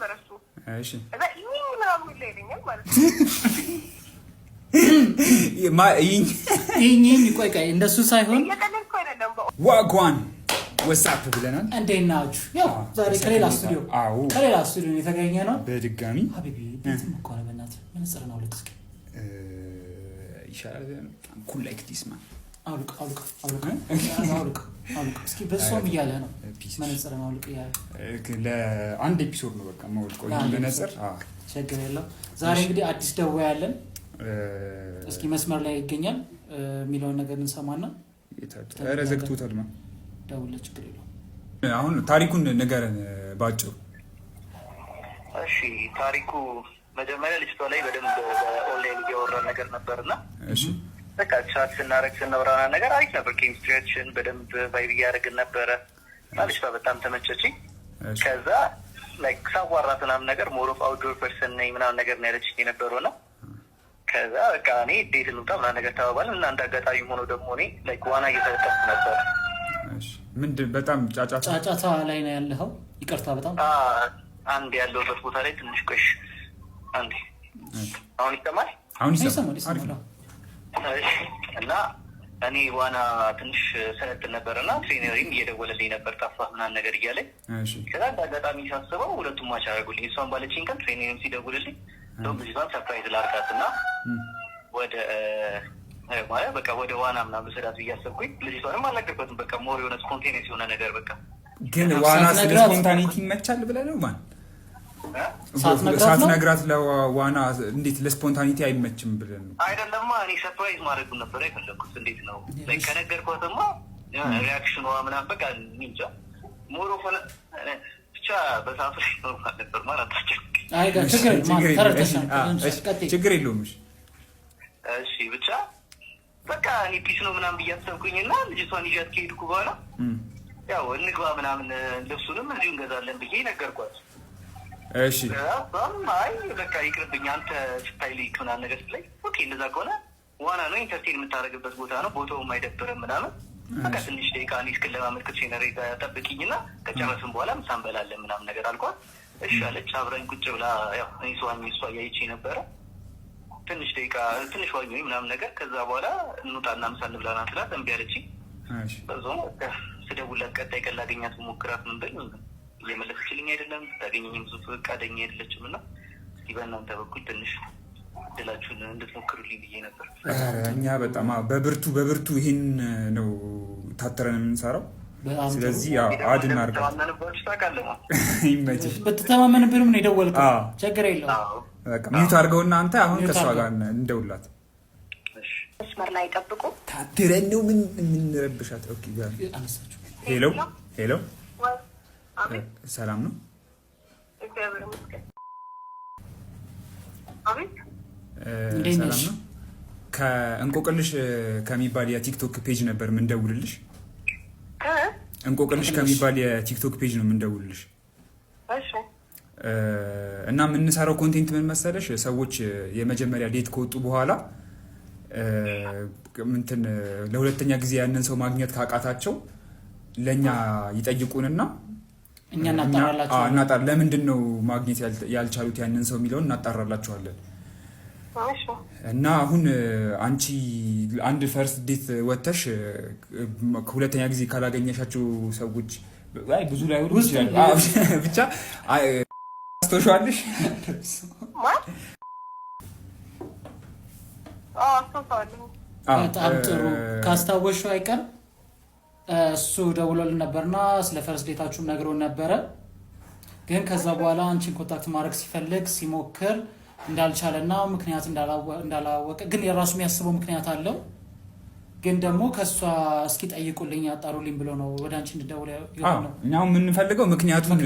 ጀመረ እንደሱ ሳይሆን ዋጓን ወሳፕ ብለናል። እንዴት ናችሁ? ዛሬ ከሌላ ስቱዲዮ ከሌላ ስቱዲዮ የተገኘ ነው በድጋሚ ሀቢቢ ቤት መኳነ በናት መነጽር ነው ልክ ይሻላል። ኩላይክ ዲስማ አውልቅ አውልቅ አውልቅ አውልቅ እስኪ በእሷም እያለ ነው መነጽር ማውልቅ እያለ ለአንድ ኤፒሶድ ነው በቃ ማውልቆ መነጽር ችግር የለም። ዛሬ እንግዲህ አዲስ ደዋ ያለን እስኪ መስመር ላይ ይገኛል የሚለውን ነገር እንሰማና ረዘግቶታል ማ ደውለ ችግር የለውም። አሁን ታሪኩን ንገረን ባጭሩ። እሺ ታሪኩ መጀመሪያ ልጅቷ ላይ በደንብ በኦንላይን እያወራን ነገር ነበርና በቃ ቻት ስናደረግ ስናወራና ነገር አሪፍ ነበር። ኬሚስትሪያችን በደንብ ቫይብ እያደረግን ነበረ ማለች ልጅቷ በጣም ተመቸችኝ። ከዛ ሳዋራት ምናምን ነገር ሞሮፍ አውዶር ፐርሰን ነኝ ምናምን ነገር ነው ያለችኝ ነው። ከዛ በቃ እኔ ዴት ልምጣ ምና ነገር ተባባል እና እንደ አጋጣሚ ሆኖ ደግሞ እኔ ዋና እየተጠቀምኩ ነበር። ምንድን በጣም ጫጫታ ጫጫታ ላይ ነው ያለኸው? ይቅርታ በጣም አንድ ያለውበት ቦታ ላይ ትንሽ ቆሽ አንዴ። አሁን ይሰማል? አሁን ይሰማል። እና እኔ ዋና ትንሽ ሰነጥን ነበር እና ትሬነሪም እየደወለልኝ ነበር ጠፋህ ምናምን ነገር እያለኝ ከዛ አጋጣሚ ሳስበው ሁለቱም ማች አደረጉልኝ። እሷን ባለችኝ ቀን ትሬነሪም ሲደውልልኝ እንደውም ልጅቷን ሰርፕራይዝ ላርጋት እና ወደ ማለት በቃ ወደ ዋና ምናምን ስዳት እያሰብኩኝ ልጅቷንም አልነገርበትም። በቃ ሞር የሆነ ስፖንቴኒየስ የሆነ ነገር በቃ ግን ዋና ስለ ስፖንታኒቲ ይመቻል ብለህ ነው ማለት ሳትነግራት ለዋና እንዴት ለስፖንታኒቲ አይመችም ብለን ነው አይደለማ። እኔ ሰርፕራይዝ ማድረጉ ነበረ የፈለኩት። እንዴት ነው ከነገርኳትማ ሪያክሽኗ ምናምን በቃ እንጃ ሞሮ ብቻ በሰዓቱ ላይ ነበር ማለት ችግር የለውም። እሺ ብቻ በቃ እኔ ፒስ ነው ምናምን ብዬ እና ልጅቷን ይዣት ከሄድኩ በኋላ ያው እንግባ ምናምን ልብሱንም እዚሁ እንገዛለን ብዬ ነገርኳቸው። እሺ አይ በቃ ይቅርብኝ፣ አንተ ስታይል ምናምን ነገር ስትለኝ፣ ኦኬ እንደዛ ከሆነ ዋና ነው ኢንተርቴን የምታደርግበት ቦታ ነው፣ ቦታውም አይደብርም ምናምን በቃ ትንሽ ደቂቃ እኔ እስክንለማመድ ሴነሪ ጠብቅኝ እና ከጨረስን በኋላ ምሳ እንበላለን ምናምን ነገር አልኳት። እሺ አለች። አብረን ቁጭ ብላ ያው እኔ ሰዋኝ እሷ እያየች ነበረ። ትንሽ ደቂቃ ትንሽ ዋኝ ወይ ምናምን ነገር ከዛ በኋላ እንውጣና ምሳ እንብላና ስላት እምቢ አለችኝ። በዛው ስደውላት ቀጣይ ቀን ላገኛት ሞክራት ምን ብል እየመለሰችልኝ አይደለም። ታገኘኝም ብዙ ፈቃደኛ አይደለችም እና እስኪ በእናንተ በኩል ትንሽ እድላችሁን እንድትሞክሩልኝ ብዬ ነበር። እኛ በጣም በብርቱ በብርቱ ይህን ነው ታተረን የምንሰራው። ስለዚህ አድ እናድርጋለች። ምን የደወልከው ችግር የለውም። ሚዩት አድርገውና አንተ አሁን ከእሷ ጋር እንደውላት መስመር ላይ ጠብቁ። ታትረን ነው ምን የምንረብሻት። ሄሎ ሄሎ ሰላም ነው። ሰላም ከእንቆቅልሽ ከሚባል የቲክቶክ ፔጅ ነበር ምንደውልልሽ እንቆቅልሽ ከሚባል የቲክቶክ ፔጅ ነው ምንደውልልሽ እና የምንሰራው ኮንቴንት ምን መሰለሽ፣ ሰዎች የመጀመሪያ ዴት ከወጡ በኋላ ምንትን ለሁለተኛ ጊዜ ያንን ሰው ማግኘት ካቃታቸው ለእኛ ይጠይቁንና እኛ እናጣራላችኋለን። ለምንድን ነው ማግኘት ያልቻሉት ያንን ሰው የሚለውን እናጣራላችኋለን። እና አሁን አንቺ አንድ ፈርስት ዴት ወተሽ ሁለተኛ ጊዜ ካላገኘሻቸው ሰዎች ብዙ ላይ ብቻ አስተውሻዋለሽ። በጣም ጥሩ ካስታወሹ አይቀርም እሱ ደውሎልን ነበርና ስለ ፈርስት ዴታችሁም ነግሮን ነበረ። ግን ከዛ በኋላ አንቺን ኮንታክት ማድረግ ሲፈልግ ሲሞክር እንዳልቻለና ምክንያት እንዳላወቀ ግን የራሱ የሚያስበው ምክንያት አለው። ግን ደግሞ ከእሷ እስኪ ጠይቁልኝ ያጣሩልኝ ብሎ ነው ወደ አንቺ እንድደውል ነው እኛ የምንፈልገው። ምክንያቱም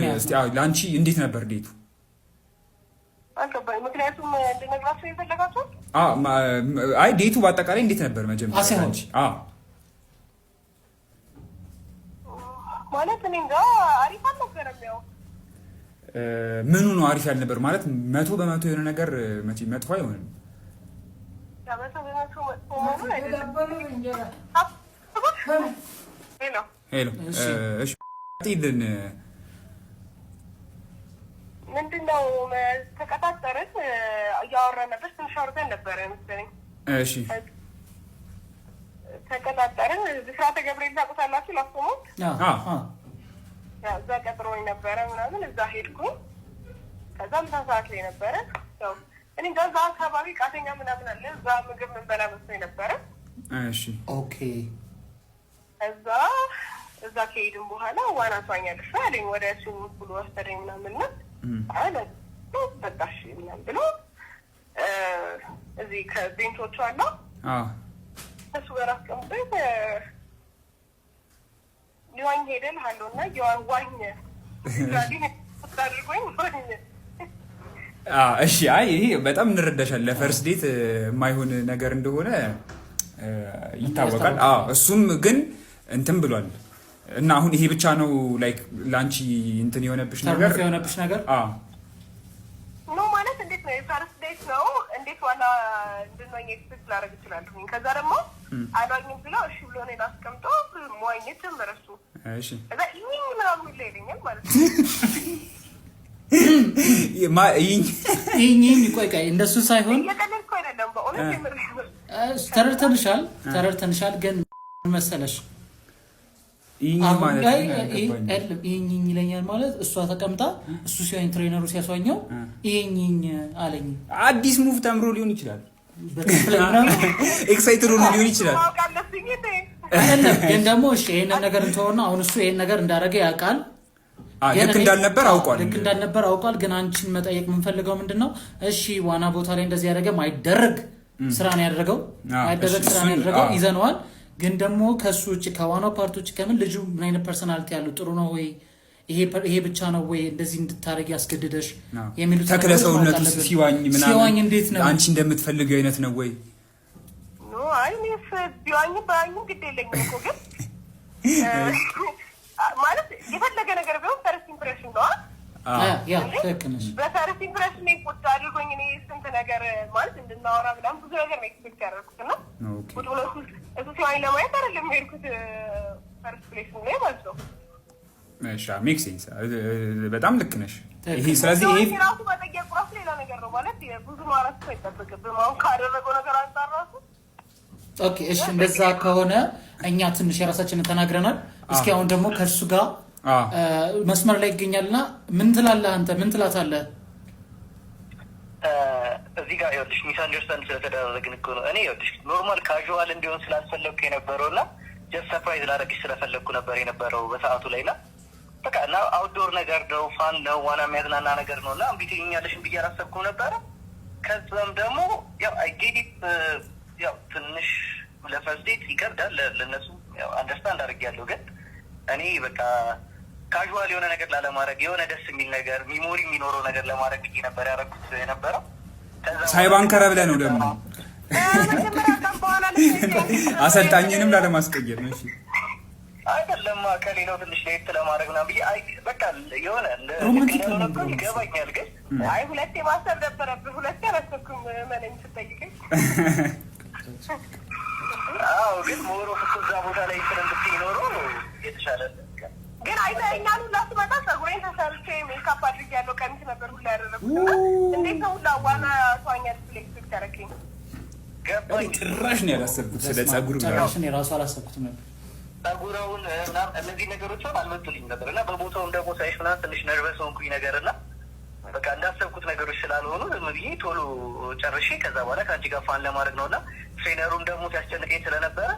ለአንቺ እንዴት ነበር ዴቱ? ምክንያቱም የፈለጋቸው አይ ዴቱ በአጠቃላይ እንዴት ነበር መጀመሪያ ማለት እኔ ጋ አሪፍ አልነበረም። ያው ምኑ ነው አሪፍ ያልነበር? ማለት መቶ በመቶ የሆነ ነገር መቼ መጥፎ አይሆንም። ምንድነው ተቀጣጠርን፣ እያወራን ነበር። ትንሽ አውርተን ነበረ መሰለኝ። እሺ ተቀጣጠርን። ብስራተ ገብርኤል ታውቁታላችሁ? ላስቆሙት እዛ ቀጥሮኝ ነበረ ምናምን እዛ ሄድኩ። ከዛ ምሳ ሰዓት ላይ ነበረ እኔ እዛ አካባቢ ቃተኛ ምናምን አለ። እዛ ምግብ ምንበላ መስሎኝ ነበረ። ኦኬ እዛ እዛ ከሄድን በኋላ ዋና ሷኛ ልፍ አለኝ ወደ ሱ ብሎ ወሰደኝ ምናምን ነው በቃሽ ምናምን ብሎ እዚህ ከቤንቶቹ አለው ከሱ ጋር አስቀምጦኝ ሊዋኝ ሄደን አለው እና ዋኘ አድርጎኝ ዋኘ። እሺ አይ ይሄ በጣም እንረዳሻል። ለፈርስት ዴት የማይሆን ነገር እንደሆነ ይታወቃል። እሱም ግን እንትን ብሏል እና አሁን ይሄ ብቻ ነው ላይክ ላንቺ እንትን የሆነብሽ ነገር የሆነብሽ ነገር ኖ ማለት እንዴት ነው? የፈርስት ዴት ነው እንዴት ዋላ እንድንሆኝ ኤክስፔክት ላደርግ እችላለሁ። ከዛ ደግሞ አዳኝም ብሎ እሺ ብሎ እኔን አስቀምጦ መዋኘት ጀመረ እሱ። እዛ ምናምን ሁላ ይለኛል ማለት ነው። ቆይ ቆይ፣ እንደሱ ሳይሆን ተረድተንሻል፣ ተረድተንሻል። ግን መሰለሽ አሁን ይለኛል ማለት እሷ ተቀምጣ እሱ ሲሆን ትሬነሩ ሲያስዋኘው ይሄኝኝ አለኝ። አዲስ ሙቭ ተምሮ ሊሆን ይችላል ኤክሳይትድ ሆኖ ሊሆን ይችላል። ግን ደግሞ ይህንን ነገር እንትሆና አሁን እሱ ይህን ነገር እንዳደረገ ያውቃል። ልክ እንዳልነበር አውቋል። ልክ እንዳልነበር አውቋል። ግን አንቺን መጠየቅ የምንፈልገው ምንድን ነው? እሺ ዋና ቦታ ላይ እንደዚህ ያደረገ ማይደረግ ስራ ነው ያደረገው፣ ማይደረግ ስራ ነው ያደረገው። ይዘነዋል። ግን ደግሞ ከእሱ ውጭ ከዋናው ፓርቲ ውጭ ከምን ልጁ ምን አይነት ፐርሰናልቲ ያለው ጥሩ ነው ወይ ይሄ ብቻ ነው ወይ እንደዚህ እንድታደረግ ያስገድደሽ የሚሉት ተክለ ሰውነቱ ሲዋኝ ምናሲዋኝ እንዴት ነው አንቺ እንደምትፈልገው አይነት ነው ወይ? ቢዋኝ ባኙ ግድ የለኝም እኮ ግን ማለት የፈለገ ነገር ቢሆን ፈርስት ኢምፕሬሽን ነዋ። በፈርስት ኢምፕሬሽን ቁጭ አድርጎኝ እኔ ስንት ነገር ማለት እንድናወራ ምናምን ብዙ ነገር ነው ኤክስፔክት ያደረኩት እና ቁጭ ብሎ እሱ ሲዋኝ ለማየት አይደለም የሄድኩት ፈርስት ፕሌስ ላይ ማለት ነው ሜክ ሴንስ በጣም ልክ ነሽ። ስለዚህ ይሄ ራሱ መጠየቁ ራሱ ሌላ ነገር ነው ማለት ብዙ ማረፍ አይጠበቅብም። አሁን ካደረገው ነገር አንጻር ራሱ ኦኬ። እሺ እንደዛ ከሆነ እኛ ትንሽ የራሳችንን ተናግረናል። እስኪ አሁን ደግሞ ከእሱ ጋር መስመር ላይ ይገኛልና ምን ትላለህ አንተ? ምን ትላታለህ? እዚህ ጋር ይኸውልሽ ሚስ አንደርስታንድ ስለተደረግን እኮ ነው። እኔ ይኸውልሽ ኖርማል ካዥዋል እንዲሆን ስላልፈለግኩ የነበረውና ጀስት ሰርፕራይዝ ላደረግሽ ስለፈለግኩ ነበር የነበረው በሰዓቱ ላይ ና በቃ እና አውትዶር ነገር ነው፣ ፋን ነው፣ ዋና የሚያዝናና ነገር ነው እና እንቢ ትይኛለሽን ብዬ አላሰብኩም ነበረ። ከዛም ደግሞ ያው አይጌዲት uh, ያው ትንሽ ለፈርስት ይከብዳል ለእነሱ አንደርስታንድ አድርጌያለሁ። ግን እኔ በቃ ካዥዋል የሆነ ነገር ላለማድረግ የሆነ ደስ የሚል ነገር ሚሞሪ የሚኖረው ነገር ለማድረግ ብዬ ነበር ያደረኩት የነበረው። ሳይባንከረ ብለህ ነው ደግሞ አሰልጣኝንም ላለማስቀየር ነው። አይደለም ከሌላው ትንሽ ለየት ለማድረግ ና ብዬ በቃ የሆነ ይገባኛል። ግን አይ ሁለቴ ማሰብ ነበረብ ሁለቴ አላሰብኩም። መነኝ ስጠይቀኝ አዎ። ግን ሞሮ እዛ ቦታ ላይ ስለ እንድትኖረው የተሻለ ግን አይተኸኛል። ሁላ ስመጣ ፀጉሬን ተሰርቼ ሜካፕ ያለው ቀሚስ ነበር ሁላ ያደረጉት። እንዴት ነው ሁላ ዋና ተዋኛ ፕሌክስ ተረከኝ ገባኝ። ጭራሽ ነው ያላሰብኩት። ስለ ጸጉር ጭራሽ ነው የራሱ አላሰብኩትም ነበር ምናምን እነዚህ ነገሮች ሆን አልመጡልኝ ነበር እና በቦታውም ደግሞ ሳይሽ ምናምን ትንሽ ነርቨስ ሆንኩኝ ነገር እና በቃ እንዳሰብኩት ነገሮች ስላልሆኑ ዝም ብዬ ቶሎ ጨርሼ ከዛ በኋላ ከአንቺ ጋር ፋን ለማድረግ ነው እና ትሬነሩም ደግሞ ሲያስጨንቀኝ ስለነበረ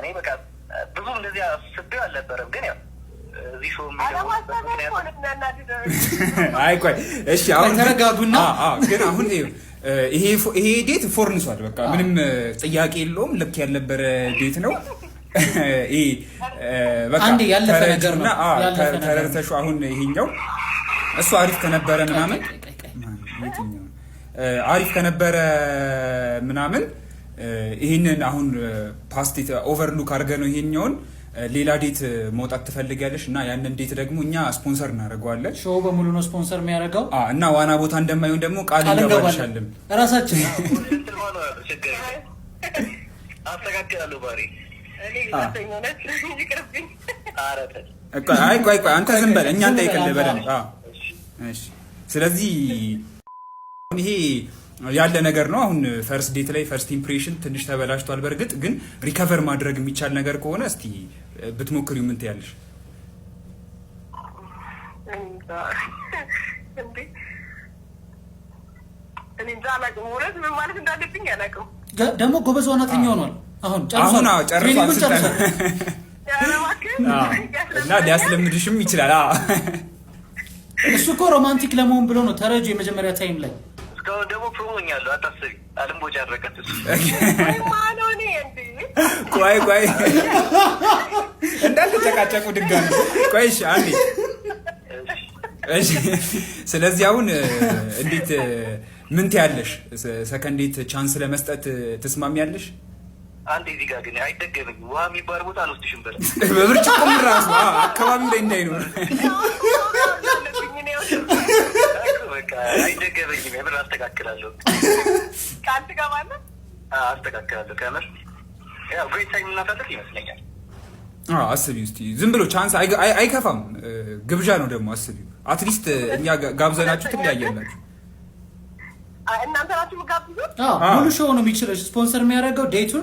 እኔ በቃ ብዙም እንደዚያ ስቤው አልነበረም ግን ያው አይ ቆይ እሺ፣ አሁን ተረጋጉና ግን አሁን ይሄ ዴት ፎርንሷል። በቃ ምንም ጥያቄ የለውም። ልክ ያልነበረ ዴት ነው። ያለፈ ነገር ነው ተረርተሹ አሁን ይሄኛው እሱ አሪፍ ከነበረ ምናምን አሪፍ ከነበረ ምናምን ይህንን አሁን ፓስት ኦቨርሉክ አድርገ ነው ይሄኛውን ሌላ ዴት መውጣት ትፈልጊያለሽ እና ያንን ዴት ደግሞ እኛ ስፖንሰር እናደርገዋለን። ሾው በሙሉ ነው ስፖንሰር የሚያደርገው እና ዋና ቦታ እንደማይሆን ደግሞ ቃል እንገባልሻለን ራሳችን አይ ቆይ ቆይ፣ አንተ ዝም በል፣ እኛ እንጠይቅልህ በደንብ። እሺ፣ ስለዚህ ይሄ ያለ ነገር ነው። አሁን ፈርስት ዴት ላይ ፈርስት ኢምፕሬሽን ትንሽ ተበላሽቷል። በእርግጥ ግን ሪከቨር ማድረግ የሚቻል ነገር ከሆነ እስቲ ብትሞክሪው ምን ትያለሽ? ደግሞ ጎበዝ ዋናተኛ ሆኗል። አሁን እና ሊያስለምድሽም ይችላል። እሱ እኮ ሮማንቲክ ለመሆን ብሎ ነው ተረጁ የመጀመሪያ ታይም ላይ እስካሁን ደግሞ ፕሮሞኛለሁ። አታስቢ አልምቦጫ አድረቀት ቆይ ቆይ እንዳልተጨቃጨቁ ድጋሚ ቆይሽ አንዴ። ስለዚህ አሁን እንዴት ምን ትያለሽ? ሰከንዴት ቻንስ ለመስጠት ትስማሚያለሽ? አንድ እዚህ ጋር ግን አይደገምኝ። ውሃ የሚባል ቦታ አልወስድሽም። በለ በብርጭቆ ምራስ አካባቢ ላይ እንዳይ ነው አይደገመኝም። የምር አስተካክላለሁ፣ ከአንድ ጋር ማለት አስተካክላለሁ። ከምር ያው ግሬት ታይም እናሳለፍ ይመስለኛል። አስቢ እስኪ ዝም ብሎ ቻንስ አይከፋም፣ ግብዣ ነው ደግሞ። አስቢ አትሊስት እኛ ጋብዘናችሁ ትለያያላችሁ እናንተ ናችሁ ጋብዙ። ሙሉ ሾው ነው የሚችለው ስፖንሰር የሚያደርገው ዴቱን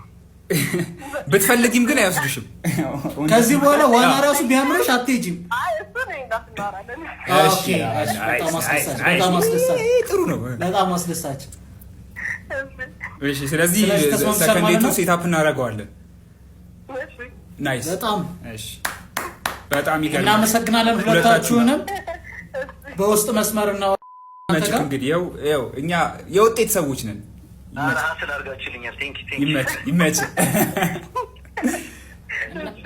ብትፈልጊም ግን አይወስድሽም። ከዚህ በኋላ ዋና ራሱ ቢያምረሽ አትሄጂም። ጥሩ ነው፣ በጣም አስደሳች። ስለዚህ ሰከንዴቱ ሴታፕ እናደርገዋለን። ናይስ፣ በጣም እናመሰግናለን ሁለታችሁንም። በውስጥ መስመር እና እንግዲህ ያው እኛ የውጤት ሰዎች ነን። ይመች።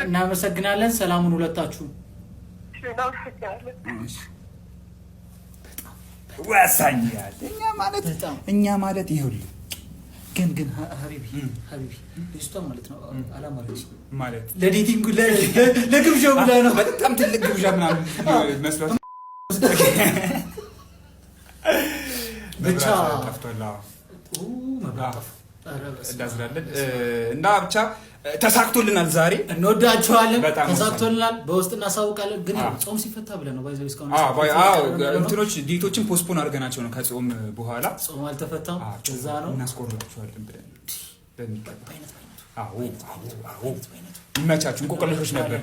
እናመሰግናለን። ሰላሙን ሁለታችሁ ወሳኛል። እኛ ማለት እኛ ማለት ግን ግን ሀቢቢ ሀቢቢ ልጅቷ ማለት ነው አላማረች ማለት ለዴቲንግ ብላ ነው። በጣም ትልቅ ግብዣ ምናምን መስሏት ብቻ እንዳዝናለን እና ብቻ ተሳክቶልናል። ዛሬ እንወዳቸዋለን። ተሳክቶልናል። በውስጥ እናሳውቃለን። ግን ጾም ሲፈታ ብለህ ነው ባይዘው እስካሁን እንትኖች ዲቶችን ፖስፖን አድርገናቸው ነው። ከጾም በኋላ ጾም አልተፈታም። እዛ ነው እናስቆርጣቸዋለን ብለን በሚገባ ይመቻችሁ። እንቆቅልሾች ነበር